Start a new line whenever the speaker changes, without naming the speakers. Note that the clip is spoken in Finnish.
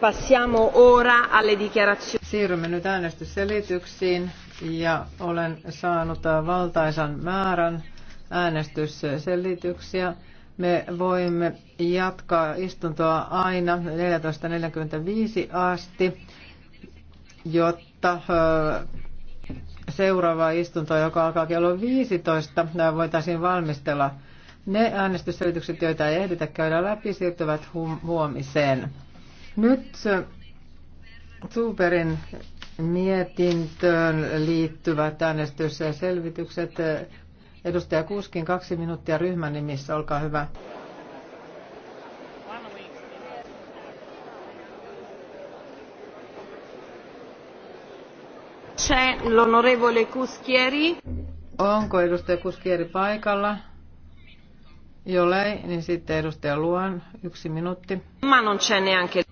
Passiamo ora alle dichiarazioni. Siirrymme nyt äänestysselityksiin ja olen saanut valtaisan määrän äänestysselityksiä. Me voimme jatkaa istuntoa aina 14.45 asti, jotta seuraava istunto, joka alkaa kello 15, voitaisiin valmistella. Ne äänestysselitykset, joita ei ehditä käydä läpi, siirtyvät huomiseen. Nyt Zuberin mietintöön liittyvät äänestys ja selvitykset. Edustaja Kuskin, kaksi minuuttia ryhmän nimissä, olkaa hyvä. Onko edustaja Kuskieri paikalla? Jollei, niin sitten edustaja Luon, yksi minuutti. Ma non c'è neanche